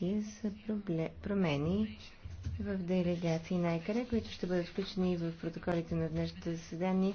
информация са промени в делегации на ЕКР, които ще бъдат включени в протоколите на днешното заседание.